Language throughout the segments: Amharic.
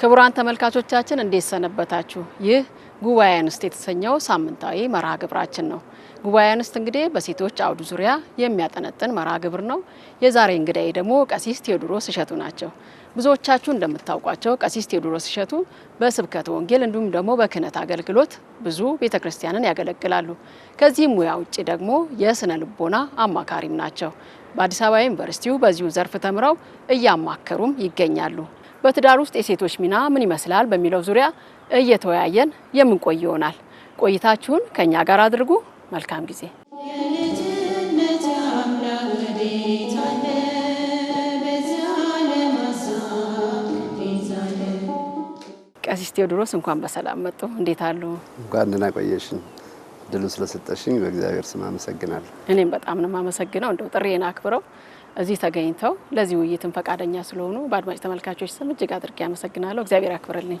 ክቡራን ተመልካቾቻችን እንዴት ሰነበታችሁ? ይህ ጉባኤ አንስት የተሰኘው ሳምንታዊ መርሃ ግብራችን ነው። ጉባኤ አንስት እንግዲህ በሴቶች አውዱ ዙሪያ የሚያጠነጥን መርሃ ግብር ነው። የዛሬ እንግዳዬ ደግሞ ቀሲስ ቴዎድሮስ እሸቱ ናቸው። ብዙዎቻችሁ እንደምታውቋቸው ቀሲስ ቴዎድሮስ እሸቱ በስብከት ወንጌል እንዲሁም ደግሞ በክህነት አገልግሎት ብዙ ቤተ ክርስቲያንን ያገለግላሉ። ከዚህም ሙያ ውጭ ደግሞ የስነ ልቦና አማካሪም ናቸው። በአዲስ አበባ ዩኒቨርሲቲው በዚሁ ዘርፍ ተምረው እያማከሩም ይገኛሉ። በትዳር ውስጥ የሴቶች ሚና ምን ይመስላል በሚለው ዙሪያ እየተወያየን የምንቆይ ይሆናል። ቆይታችሁን ከእኛ ጋር አድርጉ። መልካም ጊዜ ቀሲስ ቴዎድሮስ እንኳን በሰላም መጡ። እንዴት አሉ? እንኳን ደህና ቆየሽን። ድሉ ስለሰጠሽኝ በእግዚአብሔር ስም አመሰግናለሁ። እኔም በጣም ነው የማመሰግነው። እንደው ጥሬን አክብረው እዚህ ተገኝተው ለዚህ ውይይትም ፈቃደኛ ስለሆኑ በአድማጭ ተመልካቾች ስም እጅግ አድርጌ አመሰግናለሁ። እግዚአብሔር አክብርልኝ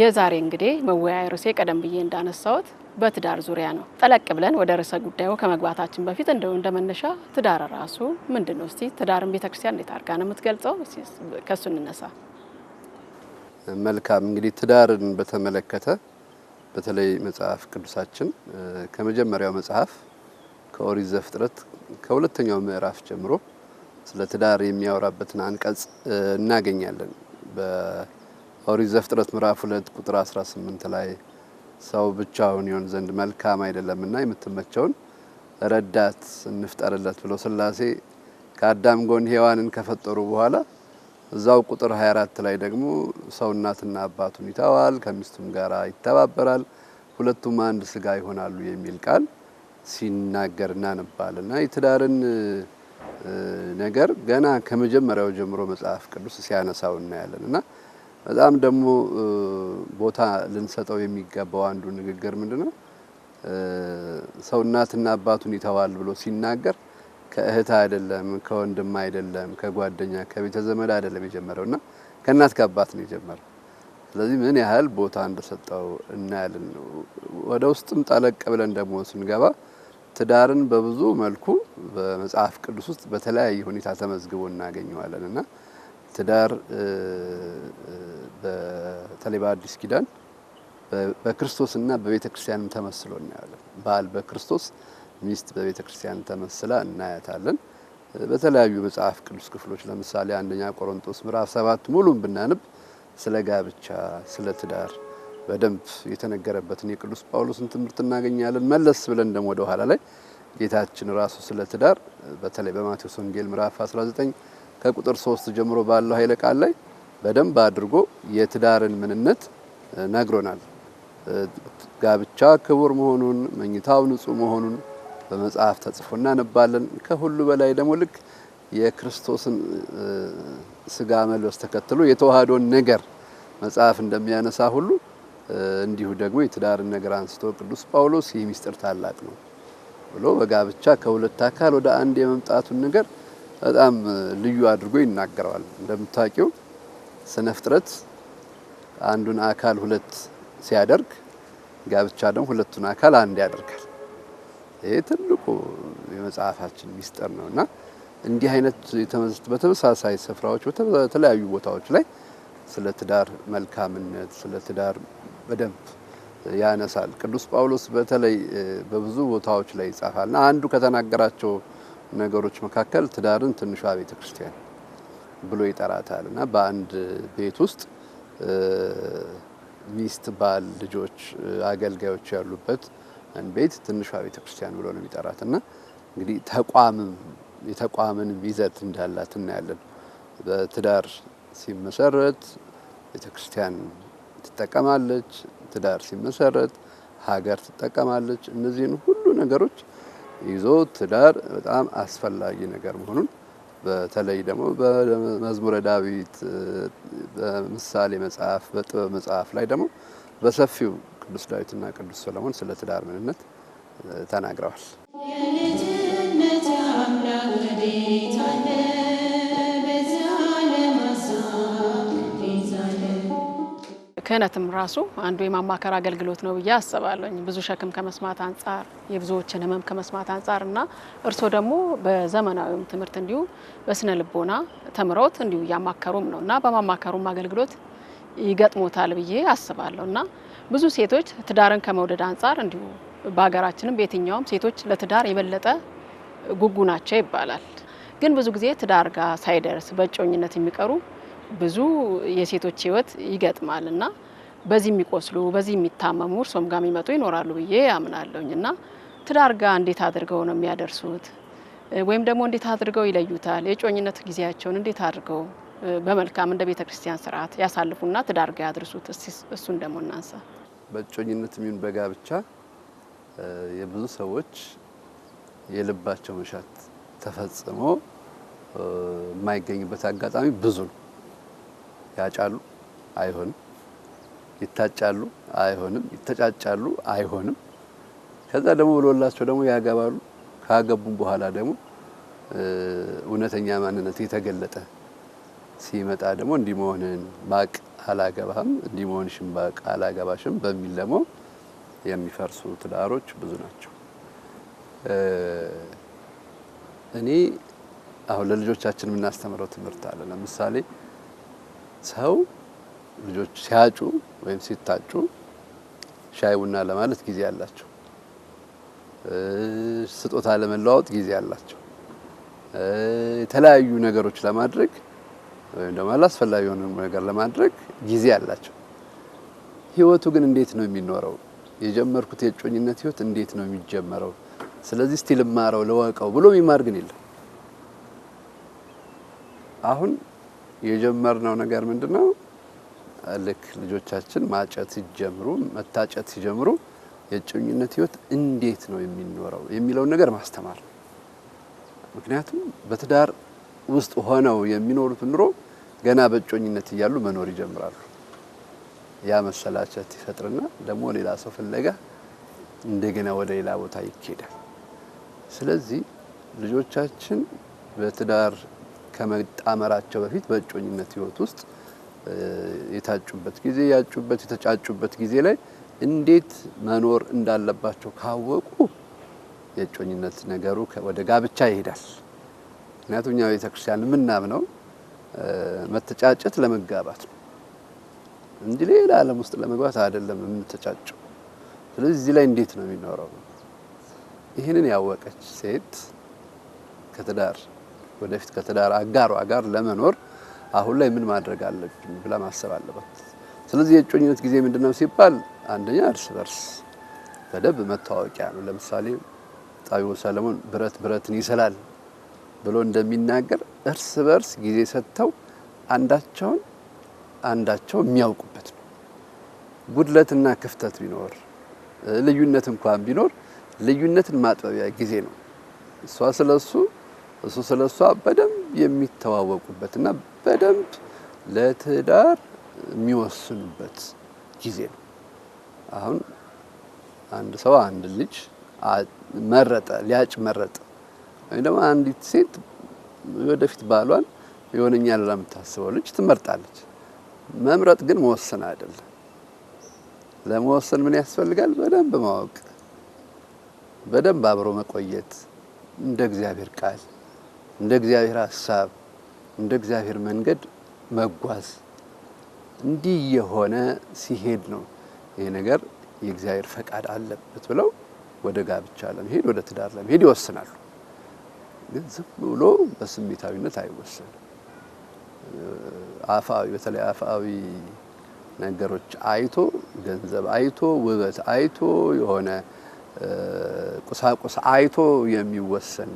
የዛሬ እንግዲህ መወያ ርዕሴ ቀደም ብዬ እንዳነሳሁት በትዳር ዙሪያ ነው። ጠለቅ ብለን ወደ ርዕሰ ጉዳዩ ከመግባታችን በፊት እንደው እንደመነሻ ትዳር ራሱ ምንድን ነው? እስቲ ትዳርን ቤተክርስቲያን እንዴት አድርጋ ነው የምትገልጸው? ከእሱ እንነሳ። መልካም እንግዲህ ትዳርን በተመለከተ በተለይ መጽሐፍ ቅዱሳችን ከመጀመሪያው መጽሐፍ ከኦሪት ዘፍጥረት ከሁለተኛው ምዕራፍ ጀምሮ ስለ ትዳር የሚያወራበትን አንቀጽ እናገኛለን። በኦሪት ዘፍጥረት ምዕራፍ ሁለት ቁጥር 18 ላይ ሰው ብቻውን ይሆን ዘንድ መልካም አይደለምና የምትመቸውን ረዳት እንፍጠርለት ብሎ ስላሴ ከአዳም ጎን ሔዋንን ከፈጠሩ በኋላ እዛው ቁጥር 24 ላይ ደግሞ ሰው እናትና አባቱን ይተዋል ከሚስቱም ጋር ይተባበራል ሁለቱም አንድ ስጋ ይሆናሉ የሚል ቃል ሲናገር እናነባል እና የትዳርን ነገር ገና ከመጀመሪያው ጀምሮ መጽሐፍ ቅዱስ ሲያነሳው እናያለን እና በጣም ደግሞ ቦታ ልንሰጠው የሚገባው አንዱ ንግግር ምንድነው ሰው እናትና አባቱን ይተዋል ብሎ ሲናገር ከእህት አይደለም፣ ከወንድም አይደለም፣ ከጓደኛ ከቤተ ዘመድ አይደለም የጀመረው እና ከእናት ከአባት ነው የጀመረው። ስለዚህ ምን ያህል ቦታ እንደሰጠው እናያለን። ወደ ውስጥም ጠለቅ ብለን ደግሞ ስንገባ ትዳርን በብዙ መልኩ በመጽሐፍ ቅዱስ ውስጥ በተለያየ ሁኔታ ተመዝግቦ እናገኘዋለን እና ትዳር በተለይ በአዲስ ኪዳን በክርስቶስና በቤተ ክርስቲያንም ተመስሎ እናያለን። ባል በክርስቶስ ሚስት በቤተ ክርስቲያን ተመስላ እናያታለን። በተለያዩ መጽሐፍ ቅዱስ ክፍሎች ለምሳሌ አንደኛ ቆሮንቶስ ምዕራፍ ሰባት ሙሉም ብናንብ ስለ ጋብቻ፣ ስለ ትዳር በደንብ የተነገረበትን የቅዱስ ጳውሎስን ትምህርት እናገኛለን። መለስ ብለን ደግሞ ወደ ኋላ ላይ ጌታችን ራሱ ስለ ትዳር በተለይ በማቴዎስ ወንጌል ምዕራፍ 19 ከቁጥር 3 ጀምሮ ባለው ኃይለ ቃል ላይ በደንብ አድርጎ የትዳርን ምንነት ነግሮናል። ጋብቻ ክቡር መሆኑን፣ መኝታው ንጹህ መሆኑን በመጽሐፍ ተጽፎ እናነባለን። ከሁሉ በላይ ደግሞ ልክ የክርስቶስን ስጋ መልበስ ተከትሎ የተዋህዶን ነገር መጽሐፍ እንደሚያነሳ ሁሉ እንዲሁ ደግሞ የትዳርን ነገር አንስቶ ቅዱስ ጳውሎስ ይህ ሚስጥር ታላቅ ነው ብሎ በጋብቻ ከሁለት አካል ወደ አንድ የመምጣቱን ነገር በጣም ልዩ አድርጎ ይናገረዋል። እንደምታውቂው ስነ ፍጥረት አንዱን አካል ሁለት ሲያደርግ ጋብቻ ደግሞ ሁለቱን አካል አንድ ያደርጋል። ይህ ትልቁ የመጽሐፋችን ሚስጥር ነው እና እንዲህ አይነት በተመሳሳይ ስፍራዎች በተለያዩ ቦታዎች ላይ ስለ ትዳር መልካምነት ስለ ትዳር በደንብ ያነሳል። ቅዱስ ጳውሎስ በተለይ በብዙ ቦታዎች ላይ ይጻፋልና አንዱ ከተናገራቸው ነገሮች መካከል ትዳርን ትንሿ ቤተ ክርስቲያን ብሎ ይጠራታል እና በአንድ ቤት ውስጥ ሚስት፣ ባል፣ ልጆች፣ አገልጋዮች ያሉበት ቤት ትንሿ ቤተክርስቲያን ብሎ ነው የሚጠራት እና እንግዲህ ተቋምም የተቋምን ይዘት እንዳላት እናያለን። በትዳር ሲመሰረት ቤተክርስቲያን ትጠቀማለች። ትዳር ሲመሰረት ሀገር ትጠቀማለች። እነዚህን ሁሉ ነገሮች ይዞ ትዳር በጣም አስፈላጊ ነገር መሆኑን በተለይ ደግሞ በመዝሙረ ዳዊት፣ በምሳሌ መጽሐፍ፣ በጥበብ መጽሐፍ ላይ ደግሞ በሰፊው ቅዱስ ዳዊትና ቅዱስ ሰለሞን ስለ ትዳር ምንነት ተናግረዋል። ክህነትም ራሱ አንዱ የማማከር አገልግሎት ነው ብዬ አስባለኝ። ብዙ ሸክም ከመስማት አንጻር የብዙዎችን ህመም ከመስማት አንጻር እና እርስዎ ደግሞ በዘመናዊም ትምህርት እንዲሁ በስነ ልቦና ተምረውት እንዲሁ እያማከሩም ነው እና በማማከሩም አገልግሎት ይገጥሞታል ብዬ አስባለሁ እና ብዙ ሴቶች ትዳርን ከመውደድ አንጻር እንዲሁ በሀገራችንም በየትኛውም ሴቶች ለትዳር የበለጠ ጉጉ ናቸው ይባላል። ግን ብዙ ጊዜ ትዳር ጋር ሳይደርስ በእጮኝነት የሚቀሩ ብዙ የሴቶች ህይወት ይገጥማል እና በዚህ የሚቆስሉ በዚህ የሚታመሙ እርሶም ጋር የሚመጡ ይኖራሉ ብዬ አምናለሁኝ። እና ትዳር ጋር እንዴት አድርገው ነው የሚያደርሱት? ወይም ደግሞ እንዴት አድርገው ይለዩታል? የእጮኝነት ጊዜያቸውን እንዴት አድርገው በመልካም እንደ ቤተ ክርስቲያን ስርዓት ያሳልፉና ትዳር ጋ ያድርሱት። እሱን ደግሞ እናንሳ። በእጮኝነት የሚሆን በጋብቻ የብዙ ሰዎች የልባቸው መሻት ተፈጽሞ የማይገኝበት አጋጣሚ ብዙ ነው። ያጫሉ፣ አይሆንም። ይታጫሉ፣ አይሆንም። ይተጫጫሉ፣ አይሆንም። ከዛ ደግሞ ብሎላቸው ደግሞ ያገባሉ። ካገቡም በኋላ ደግሞ እውነተኛ ማንነት የተገለጠ ሲመጣ ደግሞ እንዲህ መሆንህን ባቅ አላገባህም፣ እንዲህ መሆንሽን ባቅ አላገባሽም በሚል ደግሞ የሚፈርሱ ትዳሮች ብዙ ናቸው። እኔ አሁን ለልጆቻችን የምናስተምረው ትምህርት አለ። ለምሳሌ ሰው ልጆች ሲያጩ ወይም ሲታጩ ሻይ ቡና ለማለት ጊዜ አላቸው። ስጦታ ለመለዋወጥ ጊዜ አላቸው። የተለያዩ ነገሮች ለማድረግ ወይም ደግሞ አላስፈላጊ የሆነ ነገር ለማድረግ ጊዜ አላቸው። ህይወቱ ግን እንዴት ነው የሚኖረው? የጀመርኩት የእጮኝነት ህይወት እንዴት ነው የሚጀመረው? ስለዚህ እስቲ ልማረው ልወቀው ብሎ የሚማር ግን የለም። አሁን የጀመርነው ነገር ምንድነው? ልክ ልጆቻችን ማጨት ሲጀምሩ መታጨት ሲጀምሩ የእጮኝነት ህይወት እንዴት ነው የሚኖረው የሚለውን ነገር ማስተማር። ምክንያቱም በትዳር ውስጥ ሆነው የሚኖሩት ኑሮ ገና በእጮኝነት እያሉ መኖር ይጀምራሉ። ያ መሰላቸት ይፈጥርና ደግሞ ሌላ ሰው ፍለጋ እንደገና ወደ ሌላ ቦታ ይኬዳል። ስለዚህ ልጆቻችን በትዳር ከመጣመራቸው በፊት በእጮኝነት ህይወት ውስጥ የታጩበት ጊዜ ያጩበት፣ የተጫጩበት ጊዜ ላይ እንዴት መኖር እንዳለባቸው ካወቁ የእጮኝነት ነገሩ ወደ ጋብቻ ይሄዳል። ምክንያቱም እኛ ቤተክርስቲያን የምናምነው መተጫጨት ለመጋባት ነው እንጂ ሌላ ዓለም ውስጥ ለመግባት አይደለም የምተጫጨው። ስለዚህ እዚህ ላይ እንዴት ነው የሚኖረው? ይህንን ያወቀች ሴት ከትዳር ወደፊት ከትዳር አጋሯ ጋር ለመኖር አሁን ላይ ምን ማድረግ አለብኝ ብላ ማሰብ አለባት። ስለዚህ የእጮኝነት ጊዜ ምንድነው ሲባል አንደኛ እርስ በርስ በደንብ መታወቂያ ነው። ለምሳሌ ጣቢው ሰለሞን ብረት ብረትን ይሰላል ብሎ እንደሚናገር እርስ በርስ ጊዜ ሰጥተው አንዳቸውን አንዳቸው የሚያውቁበት ነው። ጉድለትና ክፍተት ቢኖር ልዩነት እንኳን ቢኖር ልዩነትን ማጥበቢያ ጊዜ ነው። እሷ ስለሱ እሱ ስለሷ በደንብ የሚተዋወቁበትና በደንብ ለትዳር የሚወስኑበት ጊዜ ነው። አሁን አንድ ሰው አንድ ልጅ መረጠ፣ ሊያጭ መረጠ። ደግሞ አንዲት ሴት ወደፊት ባሏን ይሆነኛል ብላ የምታስበው ልጅ ትመርጣለች። መምረጥ ግን መወሰን አይደለም። ለመወሰን ምን ያስፈልጋል? በደንብ ማወቅ፣ በደንብ አብሮ መቆየት፣ እንደ እግዚአብሔር ቃል፣ እንደ እግዚአብሔር ሐሳብ፣ እንደ እግዚአብሔር መንገድ መጓዝ። እንዲህ የሆነ ሲሄድ ነው ይሄ ነገር የእግዚአብሔር ፈቃድ አለበት ብለው ወደ ጋብቻ ለመሄድ ወደ ትዳር ለመሄድ ይወስናሉ። ግን ዝም ብሎ በስሜታዊነት አይወሰንም። አፋዊ በተለይ አፋዊ ነገሮች አይቶ ገንዘብ አይቶ ውበት አይቶ የሆነ ቁሳቁስ አይቶ የሚወሰን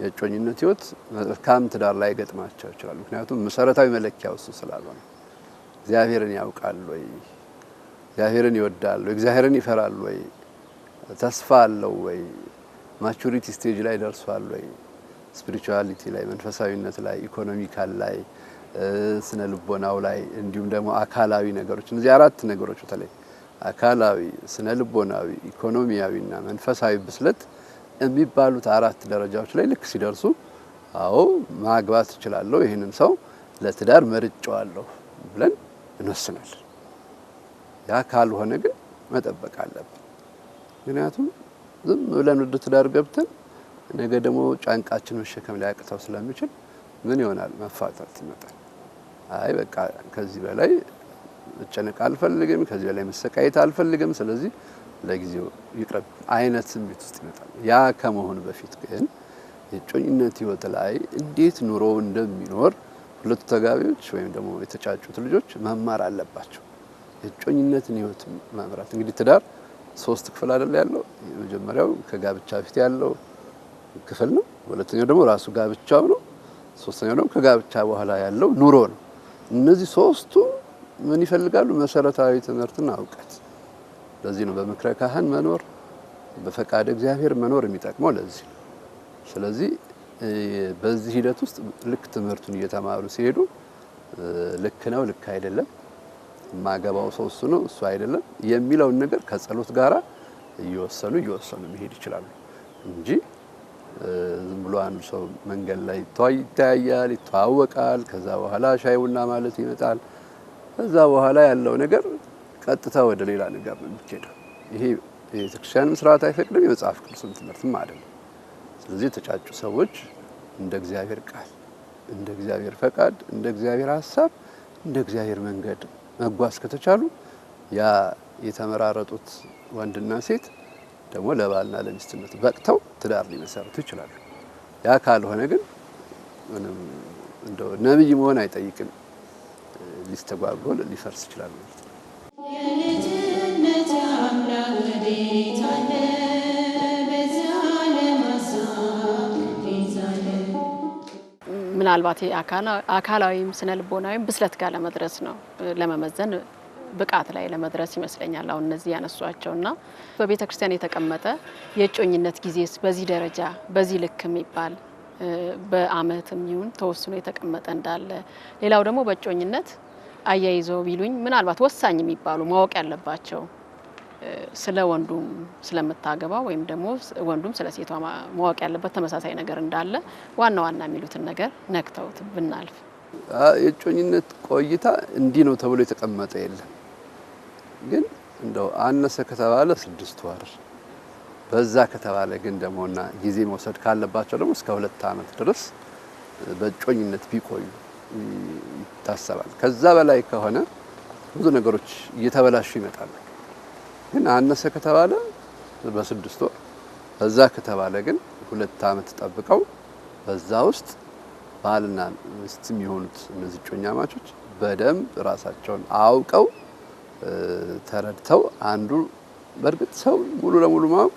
የእጮኝነት ህይወት መልካም ትዳር ላይ ገጥማቸው ይችላል። ምክንያቱም መሰረታዊ መለኪያ ውስጥ ስላልሆነ እግዚአብሔርን ያውቃል ወይ፣ እግዚአብሔርን ይወዳል ወይ፣ እግዚአብሔርን ይፈራል ወይ፣ ተስፋ አለው ወይ፣ ማቹሪቲ ስቴጅ ላይ ደርሷል ወይ ስፒሪቹዋሊቲ ላይ መንፈሳዊነት ላይ ኢኮኖሚካል ላይ ስነ ልቦናው ላይ እንዲሁም ደግሞ አካላዊ ነገሮች እነዚህ አራት ነገሮች በተለይ አካላዊ፣ ስነ ልቦናዊ፣ ኢኮኖሚያዊና መንፈሳዊ ብስለት የሚባሉት አራት ደረጃዎች ላይ ልክ ሲደርሱ አዎ ማግባት እችላለሁ፣ ይህንን ሰው ለትዳር መርጫዋለሁ ብለን እንወስናል ያ ካልሆነ ግን መጠበቅ አለብን። ምክንያቱም ዝም ብለን ወደ ትዳር ገብተን ነገ ደግሞ ጫንቃችን መሸከም ሊያቅተው ስለሚችል ምን ይሆናል? መፋታት ይመጣል። አይ በቃ ከዚህ በላይ መጨነቅ አልፈልግም፣ ከዚህ በላይ መሰቃየት አልፈልግም፣ ስለዚህ ለጊዜው ይቅረብ አይነት ስሜት ውስጥ ይመጣል። ያ ከመሆን በፊት ግን የእጮኝነት ህይወት ላይ እንዴት ኑሮ እንደሚኖር ሁለቱ ተጋቢዎች ወይም ደግሞ የተጫጩት ልጆች መማር አለባቸው። የእጮኝነትን ህይወት መምራት እንግዲህ ትዳር ሶስት ክፍል አይደል ያለው? የመጀመሪያው ከጋብቻ በፊት ያለው ክፍል ነው። ሁለተኛው ደግሞ ራሱ ጋብቻው ነው። ሶስተኛው ደግሞ ከጋብቻ በኋላ ያለው ኑሮ ነው። እነዚህ ሶስቱ ምን ይፈልጋሉ? መሰረታዊ ትምህርትና እውቀት። ለዚህ ነው በምክረ ካህን መኖር፣ በፈቃድ እግዚአብሔር መኖር የሚጠቅመው ለዚህ ነው። ስለዚህ በዚህ ሂደት ውስጥ ልክ ትምህርቱን እየተማሩ ሲሄዱ ልክ ነው፣ ልክ አይደለም፣ የማገባው ሰው እሱ ነው፣ እሱ አይደለም የሚለውን ነገር ከጸሎት ጋራ እየወሰኑ እየወሰኑ መሄድ ይችላሉ እንጂ ዝም ብሎ አንድ ሰው መንገድ ላይ ይተያያል፣ ይተዋወቃል። ከዛ በኋላ ሻይ ቡና ማለት ይመጣል። ከዛ በኋላ ያለው ነገር ቀጥታ ወደ ሌላ ነገር ነው የሚኬደው። ይሄ የቤተክርስቲያንም ስርዓት አይፈቅድም፣ የመጽሐፍ ቅዱስም ትምህርትም አይደለም። ስለዚህ የተጫጩ ሰዎች እንደ እግዚአብሔር ቃል፣ እንደ እግዚአብሔር ፈቃድ፣ እንደ እግዚአብሔር ሀሳብ፣ እንደ እግዚአብሔር መንገድ መጓዝ ከተቻሉ ያ የተመራረጡት ወንድና ሴት ደግሞ ለባልና ለሚስትነት በቅተው ትዳር ሊመሰርቱ ይችላሉ። ያ ካልሆነ ግን እንደ ነብይ መሆን አይጠይቅም፣ ሊስተጓጎል ሊፈርስ ይችላል ማለት ነው። ምናልባት አካላዊም ስነ ልቦናዊም ብስለት ጋር ለመድረስ ነው ለመመዘን ብቃት ላይ ለመድረስ ይመስለኛል። አሁን እነዚህ ያነሷቸውና በቤተ ክርስቲያን የተቀመጠ የእጮኝነት ጊዜስ በዚህ ደረጃ በዚህ ልክ የሚባል በአመትም ይሁን ተወስኖ የተቀመጠ እንዳለ፣ ሌላው ደግሞ በእጮኝነት አያይዘው ቢሉኝ ምናልባት ወሳኝ የሚባሉ ማወቅ ያለባቸው ስለ ወንዱም ስለምታገባ ወይም ደግሞ ወንዱም ስለ ሴቷ ማወቅ ያለበት ተመሳሳይ ነገር እንዳለ ዋና ዋና የሚሉትን ነገር ነክተውት ብናልፍ የእጮኝነት ቆይታ እንዲህ ነው ተብሎ የተቀመጠ የለም። ግን እንደው አነሰ ከተባለ ስድስት ወር በዛ ከተባለ ግን ደሞና ጊዜ መውሰድ ካለባቸው ደግሞ እስከ ሁለት ዓመት ድረስ በእጮኝነት ቢቆዩ ይታሰባል። ከዛ በላይ ከሆነ ብዙ ነገሮች እየተበላሹ ይመጣሉ። ግን አነሰ ከተባለ በስድስት ወር በዛ ከተባለ ግን ሁለት ዓመት ጠብቀው በዛ ውስጥ ባልና ሚስት የሚሆኑት እነዚህ እጮኛ ማቾች በደንብ ራሳቸውን አውቀው ተረድተው አንዱ በእርግጥ ሰው ሙሉ ለሙሉ ማወቅ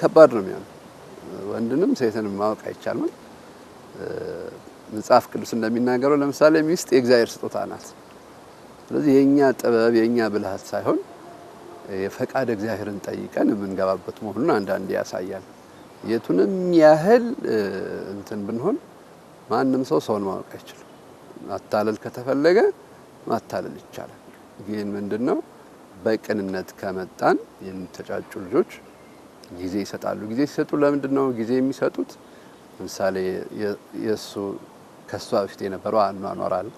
ከባድ ነው የሚሆነው። ወንድንም ሴትንም ማወቅ አይቻልም። መጽሐፍ ቅዱስ እንደሚናገረው ለምሳሌ ሚስት የእግዚአብሔር ስጦታ ናት። ስለዚህ የእኛ ጥበብ የእኛ ብልሃት ሳይሆን የፈቃድ እግዚአብሔርን ጠይቀን የምንገባበት መሆኑን አንዳንዴ ያሳያል። የቱንም ያህል እንትን ብንሆን ማንም ሰው ሰውን ማወቅ አይችልም። ማታለል ከተፈለገ ማታለል ይቻላል። ግን ምንድን ነው በቅንነት ከመጣን የሚተጫጩ ልጆች ጊዜ ይሰጣሉ። ጊዜ ሲሰጡ ለምንድን ነው ጊዜ የሚሰጡት? ለምሳሌ የእሱ ከእሷ በፊት የነበረው አኗኗር አለ፣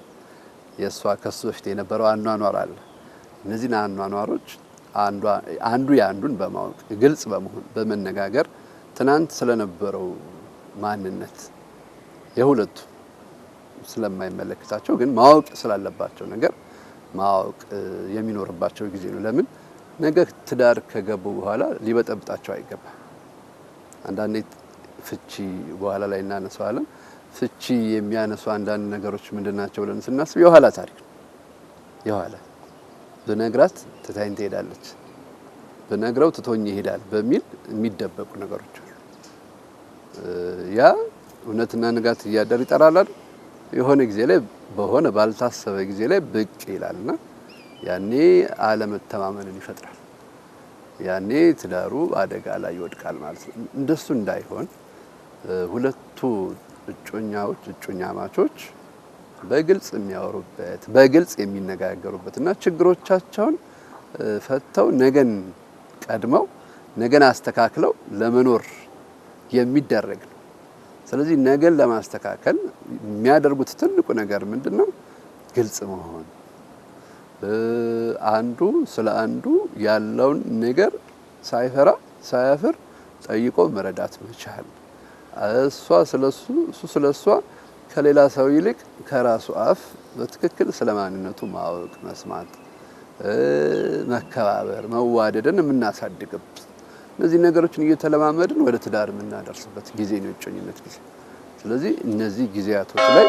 የእሷ ከእሱ በፊት የነበረው አኗኗር አለ። እነዚህን አኗኗሮች አንዱ የአንዱን በማወቅ ግልጽ በመሆን በመነጋገር ትናንት ስለነበረው ማንነት የሁለቱ ስለማይመለከታቸው ግን ማወቅ ስላለባቸው ነገር ማወቅ የሚኖርባቸው ጊዜ ነው። ለምን ነገ ትዳር ከገቡ በኋላ ሊበጠብጣቸው አይገባም። አንዳንዴ ፍቺ በኋላ ላይ እናነሳዋለን። ፍቺ የሚያነሱ አንዳንድ ነገሮች ምንድን ናቸው ብለን ስናስብ የኋላ ታሪክ ነው። የኋላ ብነግራት ትታኝ ትሄዳለች፣ ብነግረው ትቶኝ ይሄዳል በሚል የሚደበቁ ነገሮች አሉ። ያ እውነትና ንጋት እያደር ይጠራላል። የሆነ ጊዜ ላይ በሆነ ባልታሰበ ጊዜ ላይ ብቅ ይላልና ያኔ አለመተማመንን ይፈጥራል። ያኔ ትዳሩ አደጋ ላይ ይወድቃል ማለት ነው። እንደሱ እንዳይሆን ሁለቱ እጮኛዎች እጮኛማቾች በግልጽ የሚያወሩበት በግልጽ የሚነጋገሩበት እና ችግሮቻቸውን ፈተው ነገን ቀድመው ነገን አስተካክለው ለመኖር የሚደረግ ነው። ስለዚህ ነገን ለማስተካከል የሚያደርጉት ትልቁ ነገር ምንድን ነው? ግልጽ መሆን፣ አንዱ ስለ አንዱ ያለውን ነገር ሳይፈራ ሳያፍር ጠይቆ መረዳት መቻል፣ እሷ ስለሱ እሱ ስለሷ ከሌላ ሰው ይልቅ ከራሱ አፍ በትክክል ስለ ማንነቱ ማወቅ መስማት፣ መከባበር፣ መዋደድን የምናሳድግበት እነዚህ ነገሮችን እየተለማመድን ወደ ትዳር የምናደርስበት ጊዜ ነው የእጮኝነት ጊዜ። ስለዚህ እነዚህ ጊዜያቶች ላይ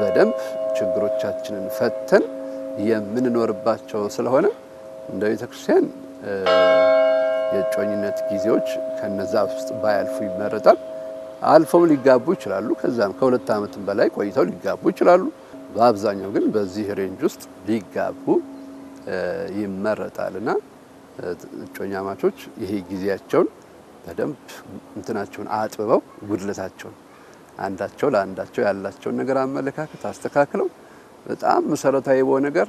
በደንብ ችግሮቻችንን ፈተን የምንኖርባቸው ስለሆነ እንደ ቤተ ክርስቲያን የእጮኝነት ጊዜዎች ከነዛ ውስጥ ባያልፉ ይመረጣል። አልፈውም ሊጋቡ ይችላሉ። ከዛም ከሁለት ዓመትም በላይ ቆይተው ሊጋቡ ይችላሉ። በአብዛኛው ግን በዚህ ሬንጅ ውስጥ ሊጋቡ ይመረጣል ና። እጮኛ ማቾች ይሄ ጊዜያቸውን በደንብ እንትናቸውን አጥብበው ጉድለታቸውን አንዳቸው ለአንዳቸው ያላቸውን ነገር አመለካከት አስተካክለው በጣም መሰረታዊ የሆነ ነገር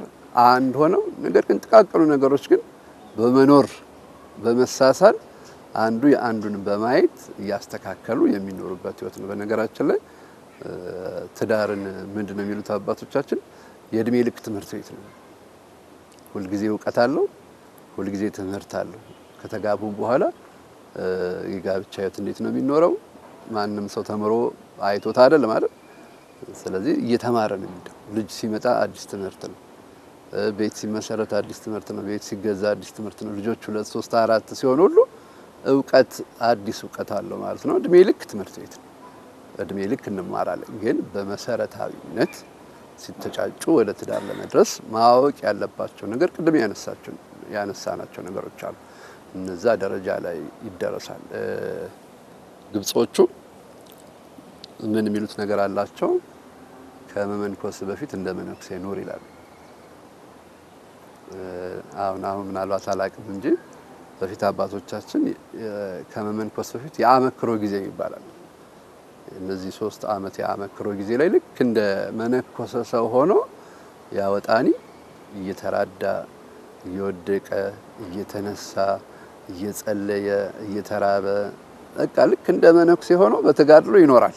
አንድ ሆነው ነገር ግን ጥቃቅኑ ነገሮች ግን በመኖር በመሳሳል አንዱ የአንዱን በማየት እያስተካከሉ የሚኖሩበት ህይወት ነው። በነገራችን ላይ ትዳርን ምንድን ነው የሚሉት አባቶቻችን የእድሜ ልክ ትምህርት ቤት ነው። ሁልጊዜ እውቀት አለው። ሁልጊዜ ትምህርት አለው። ከተጋቡ በኋላ የጋብቻ ህይወት እንዴት ነው የሚኖረው? ማንም ሰው ተምሮ አይቶት አይደል ማለት። ስለዚህ እየተማረ ነው የሚሄደው። ልጅ ሲመጣ አዲስ ትምህርት ነው። ቤት ሲመሰረት አዲስ ትምህርት ነው። ቤት ሲገዛ አዲስ ትምህርት ነው። ልጆች ሁለት፣ ሶስት፣ አራት ሲሆን ሁሉ እውቀት አዲስ እውቀት አለው ማለት ነው። እድሜ ልክ ትምህርት ቤት ነው። እድሜ ልክ እንማራለን። ግን በመሰረታዊነት ሲተጫጩ ወደ ትዳር ለመድረስ ማወቅ ያለባቸው ነገር ቅድም ያነሳቸው ነው። ያነሳናቸው ነገሮች አሉ። እነዛ ደረጃ ላይ ይደረሳል። ግብጾቹ ምን የሚሉት ነገር አላቸው? ከመመንኮስ በፊት እንደ መነኩሴ ኑር ይላሉ። አሁን አሁን ምናልባት አላቅም እንጂ በፊት አባቶቻችን ከመመንኮስ በፊት የአመክሮ ጊዜ ይባላል። እነዚህ ሶስት አመት የአመክሮ ጊዜ ላይ ልክ እንደ መነኮሰ ሰው ሆኖ ያወጣኒ እየተራዳ እየወደቀ እየተነሳ እየጸለየ እየተራበ በቃ ልክ እንደ መነኩሴ ሆኖ በተጋድሎ ይኖራል።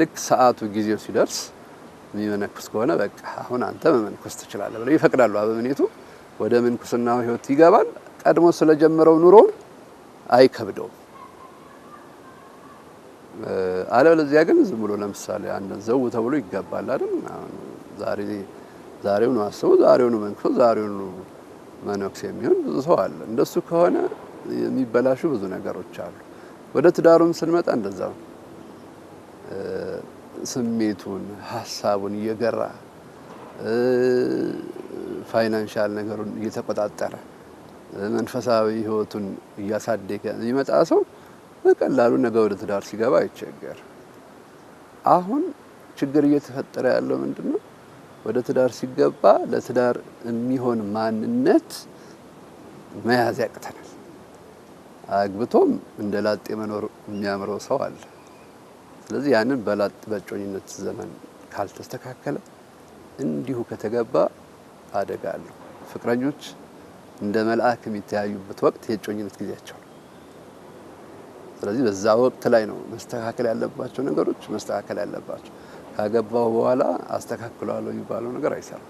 ልክ ሰዓቱ ጊዜው ሲደርስ የሚመነኩስ ከሆነ በቃ አሁን አንተ መመንኮስ ትችላለህ ብለው ይፈቅዳሉ። አበምኔቱ ወደ ምንኩስና ህይወት ይገባል። ቀድሞ ስለጀመረው ኑሮውን አይከብደውም። አለበለዚያ ግን ዝም ብሎ ለምሳሌ አንድ ዘው ተብሎ ይገባል አይደል? ዛሬ ዛሬው ነው አስቡ፣ ዛሬው ነው መንኩሶ፣ ዛሬው ነው መነኩሴ የሚሆን ብዙ ሰው አለ። እንደሱ ከሆነ የሚበላሹ ብዙ ነገሮች አሉ። ወደ ትዳሩም ስንመጣ እንደዛው ስሜቱን፣ ሀሳቡን እየገራ ፋይናንሻል ነገሩን እየተቆጣጠረ መንፈሳዊ ህይወቱን እያሳደገ የሚመጣ ሰው በቀላሉ ነገ ወደ ትዳር ሲገባ አይቸገር። አሁን ችግር እየተፈጠረ ያለው ምንድን ወደ ትዳር ሲገባ ለትዳር የሚሆን ማንነት መያዝ ያቅተናል። አግብቶም እንደ ላጤ መኖር የሚያምረው ሰው አለ። ስለዚህ ያንን በላጥ በጮኝነት ዘመን ካልተስተካከለ እንዲሁ ከተገባ አደጋ አለው። ፍቅረኞች እንደ መልአክ የሚተያዩበት ወቅት የእጮኝነት ጊዜያቸው ነው። ስለዚህ በዛ ወቅት ላይ ነው መስተካከል ያለባቸው ነገሮች መስተካከል ያለባቸው። ካገባሁ በኋላ አስተካክለዋለሁ የሚባለው ነገር አይሰራም።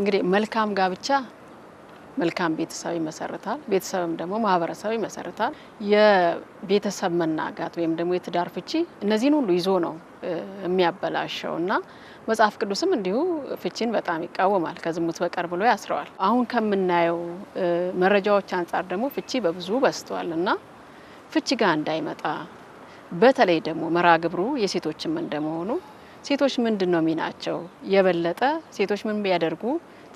እንግዲህ መልካም ጋብቻ መልካም ቤተሰብ ይመሰርታል። ቤተሰብም ደግሞ ማህበረሰብ ይመሰርታል። የቤተሰብ መናጋት ወይም ደግሞ የትዳር ፍቺ እነዚህን ሁሉ ይዞ ነው የሚያበላሸው እና መጽሐፍ ቅዱስም እንዲሁ ፍቺን በጣም ይቃወማል፣ ከዝሙት በቀር ብሎ ያስረዋል። አሁን ከምናየው መረጃዎች አንጻር ደግሞ ፍቺ በብዙ በስተዋል እና ፍቺ ጋር እንዳይመጣ በተለይ ደግሞ መርሃ ግብሩ የሴቶችም እንደመሆኑ ሴቶች ምንድን ነው ሚናቸው? የበለጠ ሴቶች ምን ቢያደርጉ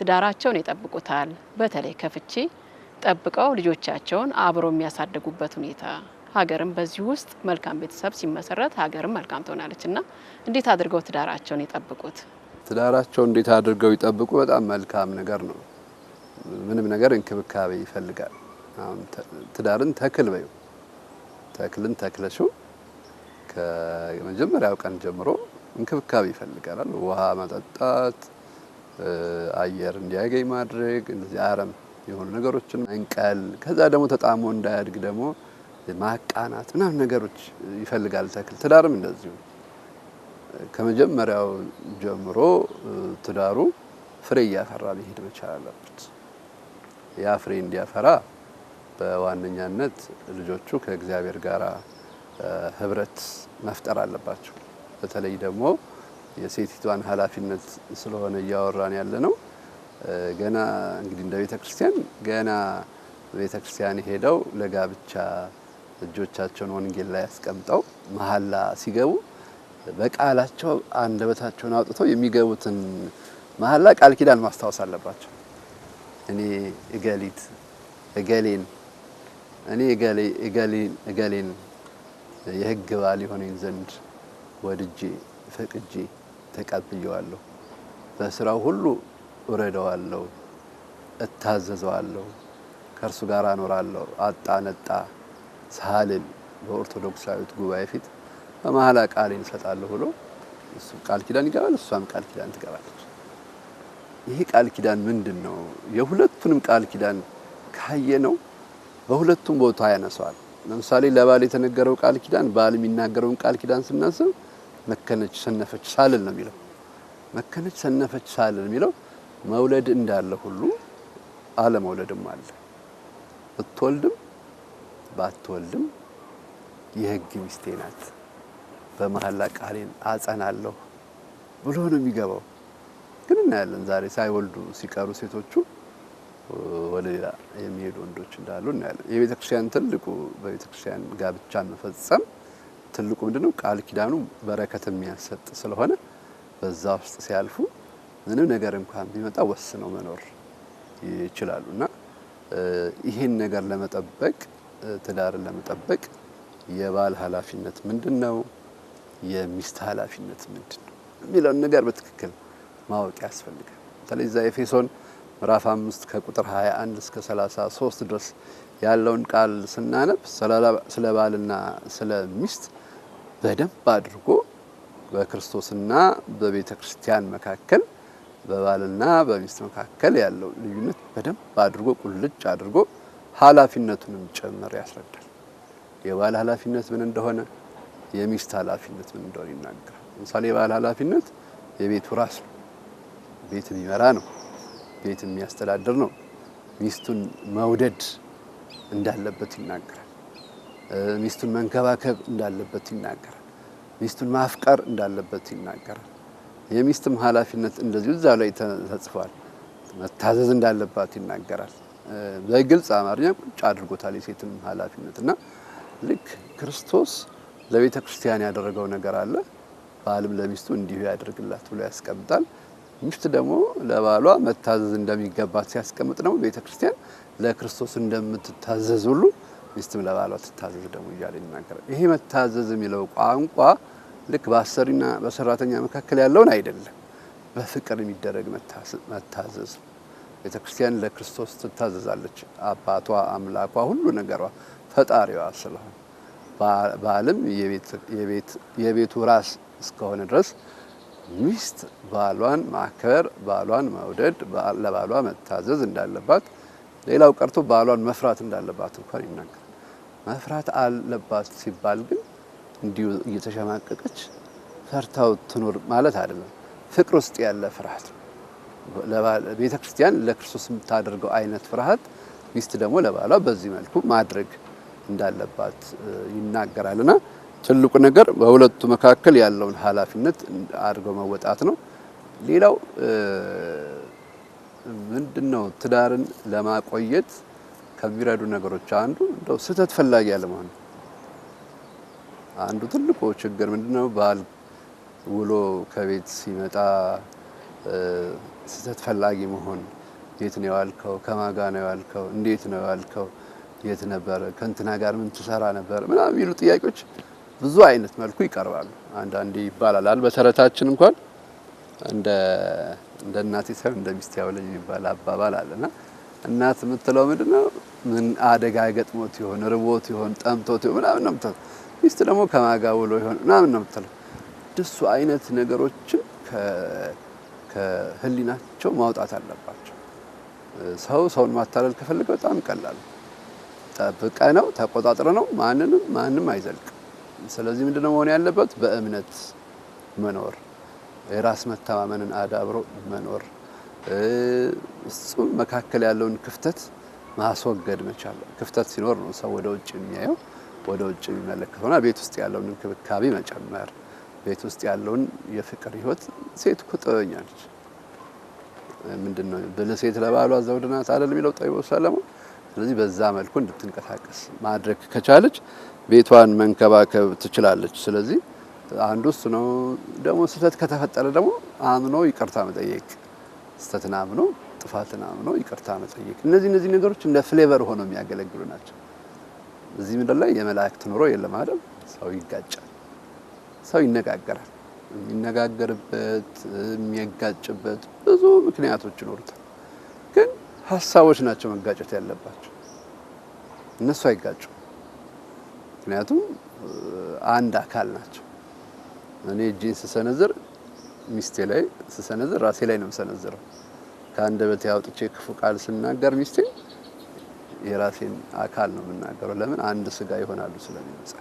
ትዳራቸውን ይጠብቁታል? በተለይ ከፍቺ ጠብቀው ልጆቻቸውን አብረው የሚያሳድጉበት ሁኔታ ሀገርም በዚህ ውስጥ መልካም ቤተሰብ ሲመሰረት ሀገርም መልካም ትሆናለች እና እንዴት አድርገው ትዳራቸውን የጠብቁት? ትዳራቸው እንዴት አድርገው ይጠብቁ? በጣም መልካም ነገር ነው። ምንም ነገር እንክብካቤ ይፈልጋል። ትዳርን ተክል በዩ ተክልን ተክለሹ ከመጀመሪያው ቀን ጀምሮ እንክብካቤ ይፈልጋል። ውሃ መጠጣት፣ አየር እንዲያገኝ ማድረግ፣ እንደዚህ አረም የሆኑ ነገሮችን መንቀል፣ ከዛ ደግሞ ተጣሞ እንዳያድግ ደግሞ ማቃናት ምናምን ነገሮች ይፈልጋል ተክል። ትዳርም እንደዚሁ ከመጀመሪያው ጀምሮ ትዳሩ ፍሬ እያፈራ መሄድ መቻል አለበት። ያ ፍሬ እንዲያፈራ በዋነኛነት ልጆቹ ከእግዚአብሔር ጋር ህብረት መፍጠር አለባቸው። በተለይ ደግሞ የሴቲቷን ኃላፊነት ስለሆነ እያወራን ያለ ነው። ገና እንግዲህ እንደ ቤተ ክርስቲያን ገና ቤተ ክርስቲያን ሄደው ለጋብቻ እጆቻቸውን ወንጌል ላይ አስቀምጠው መሀላ ሲገቡ በቃላቸው አንደበታቸውን አውጥተው የሚገቡትን መሀላ ቃል ኪዳን ማስታወስ አለባቸው። እኔ እገሊት እገሌን እኔ እገሌን እገሌን የሕግ ባል የሆነኝ ዘንድ ወድጄ ፈቅጄ ተቀብየዋለሁ፣ በስራው ሁሉ እረዳዋለሁ፣ እታዘዘዋለሁ፣ ከእርሱ ጋር አኖራለሁ። አጣ ነጣ ሳልል በኦርቶዶክሳዊት ጉባኤ ፊት በመሀላ ቃሌን እሰጣለሁ ብሎ እሱ ቃል ኪዳን ይገባል፣ እሷም ቃል ኪዳን ትገባለች። ይሄ ቃል ኪዳን ምንድን ነው? የሁለቱንም ቃል ኪዳን ካየ ነው በሁለቱም ቦታ ያነሰዋል። ለምሳሌ ለባል የተነገረው ቃል ኪዳን ባል የሚናገረውን ቃል ኪዳን ስናስብ መከነች፣ ሰነፈች፣ ሳልል ነው የሚለው። መከነች፣ ሰነፈች፣ ሳልል የሚለው መውለድ እንዳለ ሁሉ አለመውለድም አለ ብትወልድም ባትወልድም የህግ ሚስቴ ናት፣ በመሐላ ቃሌን አጸናለሁ ብሎ ነው የሚገባው። ግን እናያለን ዛሬ ሳይወልዱ ሲቀሩ ሴቶቹ ወደ ሌላ የሚሄዱ ወንዶች እንዳሉ እናያለን። የቤተ ክርስቲያን ትልቁ በቤተ ክርስቲያን ጋብቻን መፈጸም ትልቁ ምንድነው? ቃል ኪዳኑ በረከት የሚያሰጥ ስለሆነ በዛ ውስጥ ሲያልፉ ምንም ነገር እንኳን ቢመጣ ወስነው መኖር ይችላሉ እና ይህን ነገር ለመጠበቅ ትዳርን ለመጠበቅ የባል ኃላፊነት ምንድን ነው፣ የሚስት ኃላፊነት ምንድን ነው የሚለውን ነገር በትክክል ማወቅ ያስፈልጋል። በተለይ እዛ ኤፌሶን ምዕራፍ አምስት ከቁጥር 21 እስከ 33 ድረስ ያለውን ቃል ስናነብ ስለ ባልና ስለ ሚስት በደንብ አድርጎ በክርስቶስና በቤተ ክርስቲያን መካከል በባልና በሚስት መካከል ያለው ልዩነት በደንብ አድርጎ ቁልጭ አድርጎ ኃላፊነቱንም ጨምር ያስረዳል። የባል ኃላፊነት ምን እንደሆነ የሚስት ኃላፊነት ምን እንደሆነ ይናገራል። ለምሳሌ የባል ኃላፊነት የቤቱ ራስ ነው፣ ቤት የሚመራ ነው፣ ቤት የሚያስተዳድር ነው። ሚስቱን መውደድ እንዳለበት ይናገራል። ሚስቱን መንከባከብ እንዳለበት ይናገራል። ሚስቱን ማፍቀር እንዳለበት ይናገራል። የሚስትም ኃላፊነት እንደዚሁ እዛ ላይ ተጽፏል። መታዘዝ እንዳለባት ይናገራል። በግልጽ አማርኛ ቁጭ አድርጎታል የሴትም ኃላፊነት እና ልክ ክርስቶስ ለቤተ ክርስቲያን ያደረገው ነገር አለ። ባልም ለሚስቱ እንዲሁ ያደርግላት ብሎ ያስቀምጣል። ሚስት ደግሞ ለባሏ መታዘዝ እንደሚገባት ሲያስቀምጥ ደግሞ ቤተ ክርስቲያን ለክርስቶስ እንደምትታዘዝ ሁሉ ሚስትም ለባሏ ትታዘዝ ደግሞ እያለ ይናገራል። ይሄ መታዘዝ የሚለው ቋንቋ ልክ በአሰሪና በሰራተኛ መካከል ያለውን አይደለም፣ በፍቅር የሚደረግ መታዘዝ ቤተ ክርስቲያን ለክርስቶስ ትታዘዛለች። አባቷ፣ አምላኳ፣ ሁሉ ነገሯ ፈጣሪዋ ስለሆነ ባልም የቤቱ ራስ እስከሆነ ድረስ ሚስት ባሏን ማክበር፣ ባሏን መውደድ፣ ለባሏ መታዘዝ እንዳለባት ሌላው ቀርቶ ባሏን መፍራት እንዳለባት እንኳን ይናገራል። መፍራት አለባት ሲባል ግን እንዲሁ እየተሸማቀቀች ፈርታው ትኖር ማለት አይደለም። ፍቅር ውስጥ ያለ ፍርሃት ነው። ቤተ ክርስቲያን ለክርስቶስ የምታደርገው አይነት ፍርሃት ሚስት ደግሞ ለባሏ በዚህ መልኩ ማድረግ እንዳለባት ይናገራል። ትልቁ ነገር በሁለቱ መካከል ያለውን ኃላፊነት አድርገው መወጣት ነው። ሌላው ምንድነው ትዳርን ለማቆየት ከሚረዱ ነገሮች አንዱ እንደው ስህተት ፈላጊ ያለመሆን። አንዱ ትልቁ ችግር ምንድነው? ባል ውሎ ከቤት ሲመጣ ስህተት ፈላጊ መሆን፣ የት ነው ያልከው? ከማጋ ነው ያልከው? እንዴት ነው ያልከው? የት ነበረ? ከእንትና ጋር ምን ትሰራ ነበር? ምናምን የሚሉ ጥያቄዎች ብዙ አይነት መልኩ ይቀርባሉ። አንዳንዴ ይባላል አል በተረታችን እንኳን እንደ እንደ እናቴ ሳይሆን እንደ ሚስቴ ያውለኝ የሚባል አባባል አለና እናት የምትለው ምንድን ነው? ምን አደጋ ገጥሞት ይሆን ርቦት ይሆን ጠምቶት ይሆን ምናምን ነው የምትለው። ሚስት ደግሞ ከማጋ ውሎ ይሆን ምናምን ነው የምትለው። ደሱ አይነት ነገሮችን ከህሊናቸው ማውጣት አለባቸው። ሰው ሰውን ማታለል ከፈለገ በጣም ቀላል ጠብቀ ነው ተቆጣጥረ ነው ማንንም ማንም አይዘልቅም። ስለዚህ ምንድነው መሆን ያለበት? በእምነት መኖር የራስ መተማመንን አዳብሮ መኖር እሱ መካከል ያለውን ክፍተት ማስወገድ መቻል። ክፍተት ሲኖር ነው ሰው ወደ ውጭ የሚያየው ወደ ውጭ የሚመለከተውና ቤት ውስጥ ያለውን እንክብካቤ መጨመር ቤት ውስጥ ያለውን የፍቅር ህይወት ሴት እኮ ጥበበኛ ነች። ምንድን ነው ሴት ለባሏ ዘውድ ናት አይደል የሚለው ጠቢቡ ሰለሞን። ስለዚህ በዛ መልኩ እንድትንቀሳቀስ ማድረግ ከቻለች ቤቷን መንከባከብ ትችላለች። ስለዚህ አንዱ እሱ ነው። ደግሞ ስህተት ከተፈጠረ ደግሞ አምኖ ይቅርታ መጠየቅ፣ ስህተትን አምኖ ጥፋትን አምኖ ይቅርታ መጠየቅ፣ እነዚህ እነዚህ ነገሮች እንደ ፍሌቨር ሆነው የሚያገለግሉ ናቸው። እዚህ ምድር ላይ የመላእክት ኑሮ የለም አይደል? ሰው ይጋጫል። ሰው ይነጋገራል። የሚነጋገርበት የሚያጋጭበት ብዙ ምክንያቶች ይኖሩታል። ግን ሀሳቦች ናቸው መጋጨት ያለባቸው፣ እነሱ አይጋጩም። ምክንያቱም አንድ አካል ናቸው። እኔ እጄን ስሰነዝር ሚስቴ ላይ ስሰነዝር ራሴ ላይ ነው የምሰነዝረው። ከአንደበቴ አውጥቼ ክፉ ቃል ስናገር ሚስቴ የራሴን አካል ነው የምናገረው። ለምን አንድ ስጋ ይሆናሉ ስለሚመጽ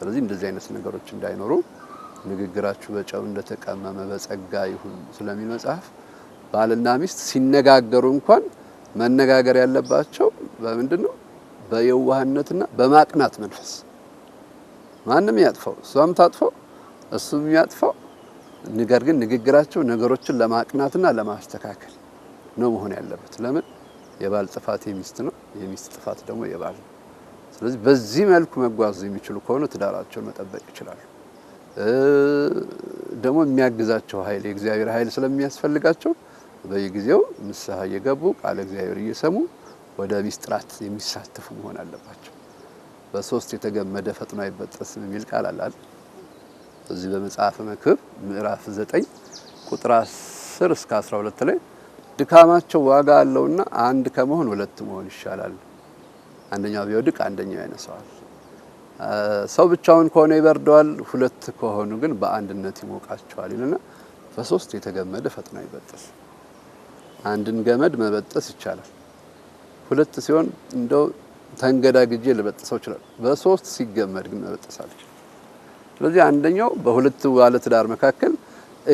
ስለዚህ እንደዚህ አይነት ነገሮች እንዳይኖሩ ንግግራችሁ በጨው እንደተቀመመ በጸጋ ይሁን ስለሚል መጽሐፍ ባልና ሚስት ሲነጋገሩ እንኳን መነጋገር ያለባቸው በምንድን ነው? በየዋህነትና በማቅናት መንፈስ። ማንም ያጥፈው፣ እሷም ታጥፈው፣ እሱም ያጥፈው፣ ነገር ግን ንግግራቸው ነገሮችን ለማቅናትና ለማስተካከል ነው መሆን ያለበት። ለምን የባል ጥፋት የሚስት ነው፣ የሚስት ጥፋት ደግሞ የባል ነው። ስለዚህ በዚህ መልኩ መጓዝ የሚችሉ ከሆነ ትዳራቸውን መጠበቅ ይችላሉ። ደግሞ የሚያግዛቸው ኃይል የእግዚአብሔር ኃይል ስለሚያስፈልጋቸው በየጊዜው ንስሐ እየገቡ ቃለ እግዚአብሔር እየሰሙ ወደ ሚስጥራት የሚሳተፉ መሆን አለባቸው። በሶስት የተገመደ ፈጥኖ አይበጠስም የሚል ቃል አላል። እዚህ በመጽሐፈ መክብብ ምዕራፍ ዘጠኝ ቁጥር አስር እስከ አስራ ሁለት ላይ ድካማቸው ዋጋ አለውና አንድ ከመሆን ሁለት መሆን ይሻላል አንደኛው ቢወድቅ አንደኛው ያነሳዋል። ሰው ብቻውን ከሆነ ይበርደዋል፣ ሁለት ከሆኑ ግን በአንድነት ይሞቃቸዋል ይልና በሶስት የተገመደ ፈጥኖ ይበጥስ። አንድን ገመድ መበጠስ ይቻላል። ሁለት ሲሆን እንደው ግጄ ልበጥሰው ይችላል። በሶስት ሲገመድ ግን መበጠስ አልችልም። ስለዚህ አንደኛው በሁለት ባለትዳር መካከል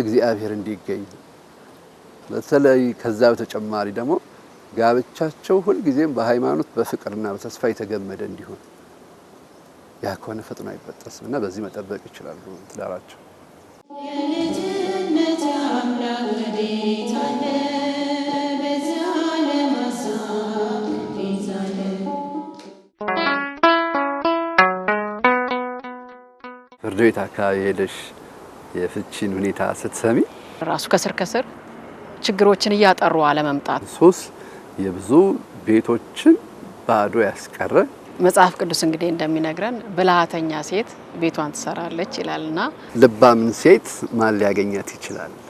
እግዚአብሔር እንዲገኝ በተለይ ከዛ በተጨማሪ ደግሞ ጋብቻቸው ሁልጊዜም በሃይማኖት በፍቅርና በተስፋ የተገመደ እንዲሆን ያ ከሆነ ፈጥኖ አይበጠስም እና በዚህ መጠበቅ ይችላሉ ትዳራቸው። ፍርድ ቤት አካባቢ ሄደሽ የፍቺን ሁኔታ ስትሰሚ ራሱ ከስር ከስር ችግሮችን እያጠሩ አለመምጣት ሶስት የብዙ ቤቶችን ባዶ ያስቀረ መጽሐፍ ቅዱስ እንግዲህ እንደሚነግረን ብልሃተኛ ሴት ቤቷን ትሰራለች ይላልና ልባምን ሴት ማን ሊያገኛት ይችላል?